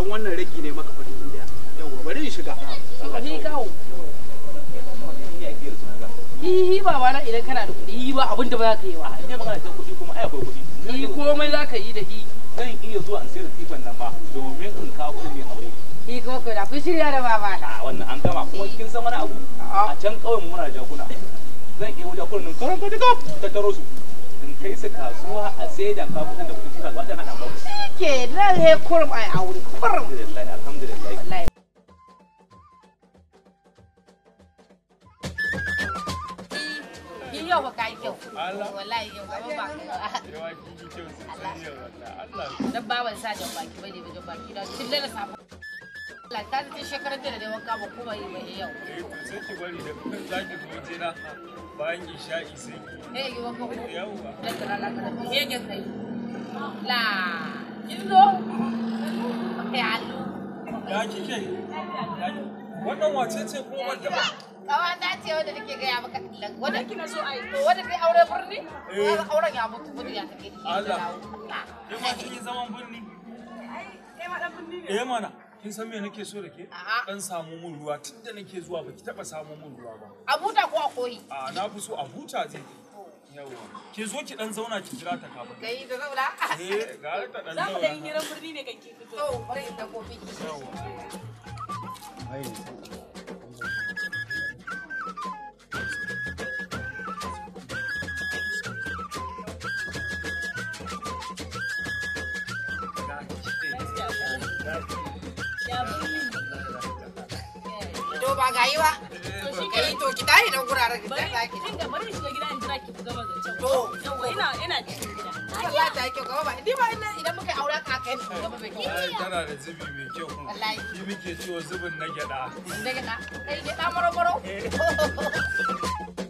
dan wannan ragi ne maka fa dubu daya yawa bari in shiga hi kawo ba ba na idan kana da kuɗi hi ba abin da ba za ka yi ba inda magana ta kuɗi kuma ai akwai kuɗi hi komai za ka yi da hi zan iya zuwa in sayar da tifan nan ba domin in kawo kuɗin ne aure hi ko ko da kun shirya da baba na wannan an gama kuma kin san wani abu a can kauyen muna da jakuna zan iya wuce kullun karanta ka ta taro su in kai su kasuwa a sai da kafin da kuɗi ke nan he kurum ai aure kurum alhamdulillah alhamdulillah yau ba kai kyau wallahi yau ba ba ki kyau sai yau Allah dan sa da baki bane da baki da tun da safa Allah ta ce shekarar da da wanka ba kuma yi ba eh, yau eh, sai ki bari da kun zaki je na bayan isha'i sai ki eh da kana la kana kai la kin zo wannan wace ce kuma wata ba kawata ce wadda nake gaya maka a yi aure birni eh. auren ya mutu ya take Allah ke ma kin zaman birni ai ma dan birni ne eh mana Kin san me nake so da ke? Dan samu mun ruwa tunda nake zuwa baki taba samu mun ruwa ba. A buta ko a koyi? A na fi so a buta zai je. Yawa. Ke zo ki dan zauna ki jira ta kafa. Kai da zauna. Eh, ga ta dan zauna. Za mu dan hirar birni ne kan ki fito. To, bari ta kofi. Yawa. Ai. ba ga ba ka yi to ki tare da guraren ki da bari gida in jira ki gaba to yawa ina ina cikin gida Allah ta gaba ba ba ina idan muka aure ka kai ni gaba ba ki tana da zubi mai kyau wallahi ki muke ciwo zubin na na kai maro maro eh.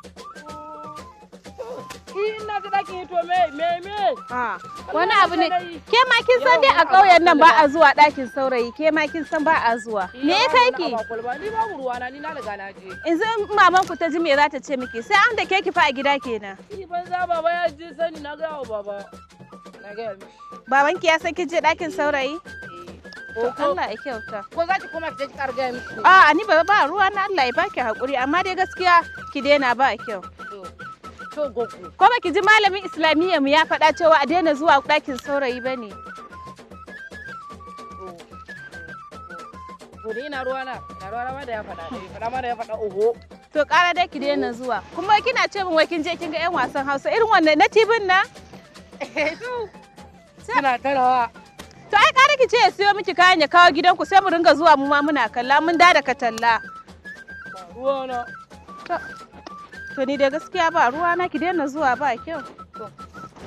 Ah, wani abu ne ke ma kin san dai a kauyen nan ba a zuwa dakin saurayi ke ma kin san ba a zuwa eh, me ya kai ki yanzu maman ku ta ji me za ta ce miki sai an da ke ki fa a gida kenan baban ki ya san ki je dakin saurayi eh, Allah ya kyauta. Ko za ki koma ki je ki ƙarga miki. a ni ba ba ruwa na Allah ya baki haƙuri amma dai gaskiya ki daina ba kyau. Ko baki ji malamin islamiyya mu ya faɗa cewa a daina zuwa ɗakin saurayi ba ne. To na ruwa na, na ruwa na da ya faɗa, faɗa ma da ya faɗa oho. To ƙara dai ki daina zuwa. Kuma kina ce min wai kin je kin ga 'yan wasan Hausa irin wannan na tibin na? Eh, Suna tarawa. To ai ƙara ki ce ya siyo miki kayan ya kawo gidanku sai mu ringa zuwa mu ma muna kalla mun da da ka talla. Ruwa na. To ni da gaskiya ba ruwa na ki daina zuwa ba kyau. To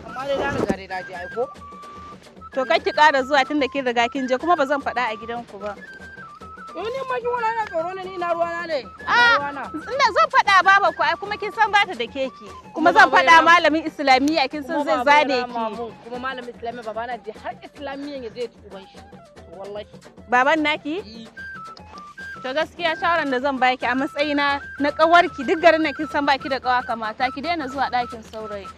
amma dai na riga da ji ai ko? To kai ki ƙara zuwa tun da kin riga kin je kuma ba zan faɗa a gidanku ba. Yau ni ma ki wani na tsoro ne ni na ruwa na ne. Ah, ina zan faɗa baba ku ai kuma kin san ba ta da keki. Kuma zan faɗa malamin islamiyya kin san zai zane ki. Kuma malamin islamiyya baba na ji har islamiyya ya je uban shi. Wallahi. Baban naki? to gaskiya shawaran da zan baki a matsayina na kawarki duk garin na kin san baki da kawa kamata ki daina zuwa dakin saurayi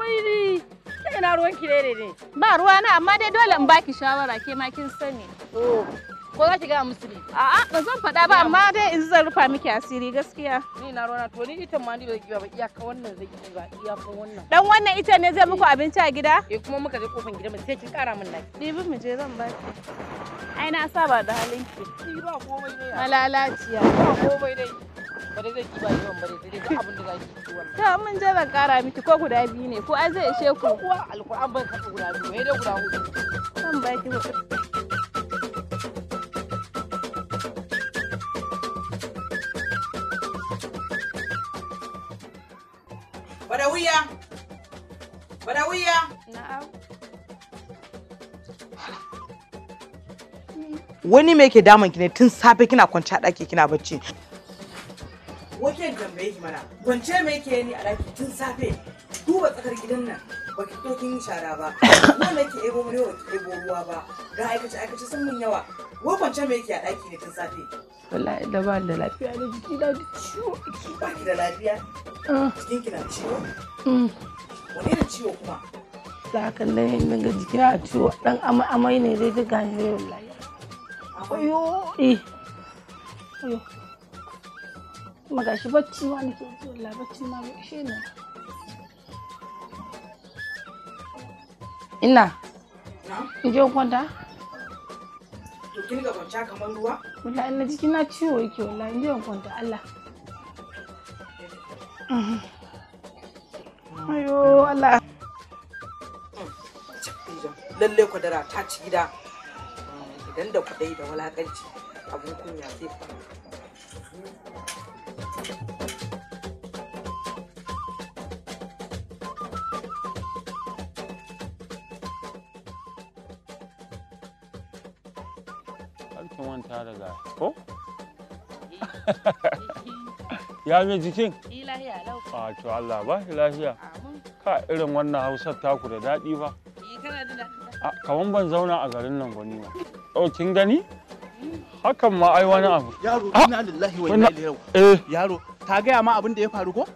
wai ina ruwan ne ne ba ruwa na amma dai dole in baki shawara ke ma kin sani oh. ko za ki gaya musu ne a'a ba zan faɗa ba amma dai in zan rufa miki asiri gaskiya ni na rona to ni ita ma ni ba zai ba iyaka wannan zai yi ba iyaka wannan dan wannan ita ne zai muku abinci a gida eh kuma muka je kofin gida mu sai kin kara min naki ɗibi mu je zan baki ai na saba da halin ki ki ba komai dai malalaciya ba komai dai ba dai zai ki ba yawan ba dai dai abin da zaki ki wannan to mun je ban kara miki ko guda biyu ne ko ai zai ishe ku ko kuwa alquran ban kafa guda biyu sai dai guda huɗu zan ba baki huɗu Badawiya. Na'am. Wani me yake damun ki ne tun safe kina kwance a ɗaki kina bacci. Waken tambaye ki mana, kwance me yake ni a ɗaki tun safe duba tsakar gidan nan ba ki fito kin shara ba. Ko me yake ebo mure ba ki ebo ruwa ba. Ga aikace aikace sun mun yawa. Ko kwance me yake a ɗaki ne tun safe. Wallahi da ba da lafiya da jiki da ciwo. Ba ki da lafiya? Ah. Jikin ki na ciwo? Mm. wani irin ciwo kuma ga kallon yin daga jiki a ciwo dan amai ne ne zai ayo eh ayo kuma bacci ma bacci ma ne ina in je kwanta to kin ga kwanta kamar ruwa Wala na jiki na ciwo yake wallahi in je kwanta Allah ayo lalle kwadara ta ci gida idan da kudai da walakanci abun kunya zai faru Alkin wanta daga ko? Eh, ya mai jikin? lahiya lau. A ah, to Allah ba lafiya Ka irin wannan hausar taku da daɗi ba. kaman ban zauna a garin nan gwani ba oh kin gani hakan ma ai wani abu yaro ina lillahi wa inna ilaihi eh. yaro ta gaya ma abin da ya faru ko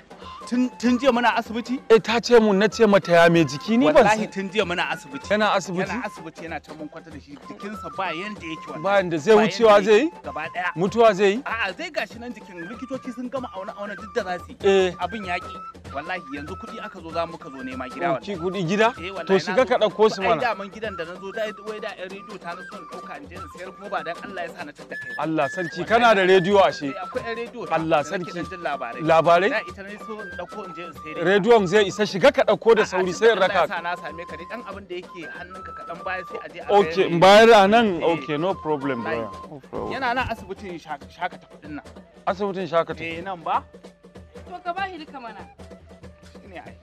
tun jiya muna asibiti? Eh ta ce mun na ce mata ya mai jiki ni ban Wallahi tun jiya muna asibiti. Yana asibiti? Yana asibiti yana ta mun kwata da shi jikinsa ba yanda yake wannan. Ba yanda zai wucewa zai yi? Gaba daya. Mutuwa zai yi? A'a zai gashi nan jikin likitoci sun gama auna auna duk da za su yi. Eh. Abin yaki. Wallahi yanzu kuɗi aka zo za mu ka zo nema gida wallahi. Ki kuɗi gida? Eh, to shiga ka ɗauko su mana. Ai daman gidan da na zo da wai da ƴan rediyo ta na son ɗauka in je in sayar kuma ba dan Allah ya sa na tada kai. Allah sarki kana da rediyo ashe. Eh, akwai ƴan rediyo. Allah sarki. Labarai. Labarai? Na ita ne so ɗauko in je in sai rediyon zai isa shiga ka ɗauko da sauri sai in raka ka na same ka dai dan abin da yake hannunka ka dan baya sai a je a okay in bayar a nan eh. okay no problem bro yana nan asibitin shakata kudin nan asibitin shakata eh nan ba to ka ba hilka mana ne ai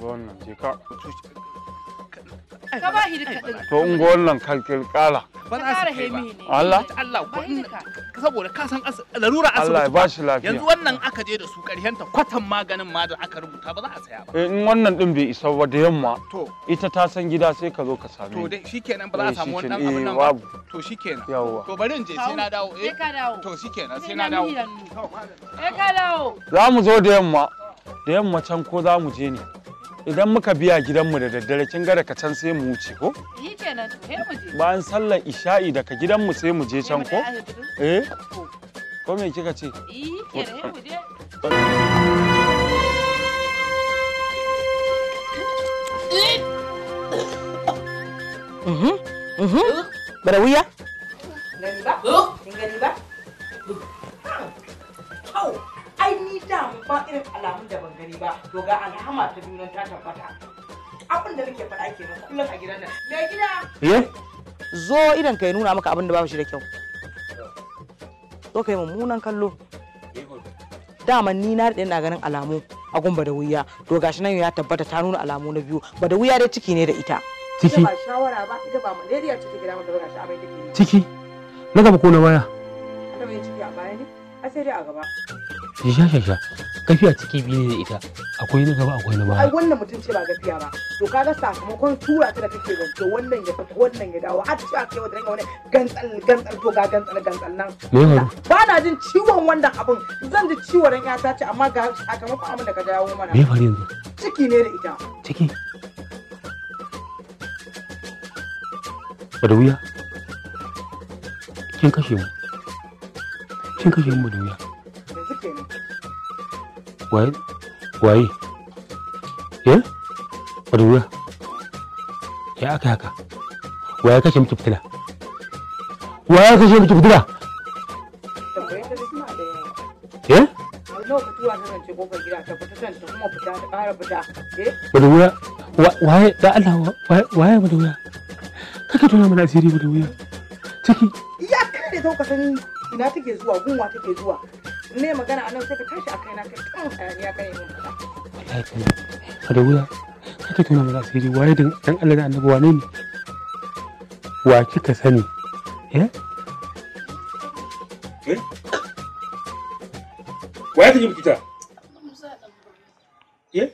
gwannan je ka ka to in wannan kalkil kala Allah Allah saboda ka san larura lafiya yanzu wannan aka je da su ta kwatan maganin ma da aka rubuta ba za a saya ba eh, in wannan din bai isa da yamma ita ta san gida sai ka zo ka same to a eh, samu eh, to shikenan za mu zo da yamma da yamma can ko za mu je ne idan muka biya gidanmu da daddare kin ga daga can sai mu wuce ko? Bayan sallar isha'i daga gidanmu sai mu je can ko? Eh? Ko me kika ce? Yi wuya? Gani ba? Gani ba? Hau. ni ba irin alamun da ban gani ba to ga alhama ta nan ta tabbata abin da nake faɗa kenan kullum a gidan nan me gida ye zo idan ka nuna maka abin da ba shi da kyau zo ka yi mummunan kallo dama ni na daɗe ina ganin alamu a gun da wuya to gashi nan ya tabbata ta nuna alamu na biyu ba da wuya dai ciki ne da ita ciki ba shawara ba ita ba malaria ce take mu da gashi amai take ciki na gaba ko na baya ana mai ciki a baya ne a sai dai a gaba sha sha sha gafiya ciki biyu ne da ita akwai na gaba akwai na baya ai wannan mutum ce ba gafiya ba to kaga sakamakon tura ta da kake zance wannan ya fita wannan ya dawo har ci a kai wadda wani gantsal gantsal to ga gantsal gantsal nan ba na jin ciwon wannan abun zan ji ciwon ran ta ce amma ga sakamakon abin da ka dawo mana me faru yanzu ciki ne da ita ciki da wuya kin kashe mu kin kashe mu da wuya waye waye eh ƙwarura ya aka haka waye kashe miki fitila waye kashe miki fitila eh waye da Allah waye Badawuya? Kake tona mana asiri Badawuya. Ciki. Iya da ina take zuwa gunwa take zuwa ne magana anan sai ka tashi a kaina na kai kan hayaniya kai mun wallahi tana a da wuya tuna waye dan Allah da ne wa kika sani eh eh waye eh?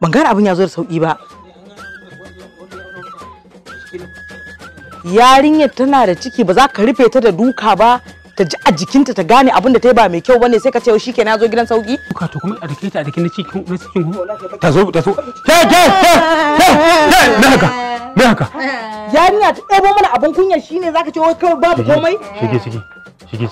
ban abin ya zo da sauki ba yarinyar tana da ciki ba za ka rufe ta da duka ba ta ji a jikinta ta gane abin da ta yi ba mai kyau bane sai ka ce shi ke na zo gidan sauki Duka to kuma a dake ta a dake na cikin na cikin ta zo ta zo ke ke ke ke na haka na haka yarinya ta ɗebo mana abin kunya shine zaka ce wai kawai babu komai shige shige shige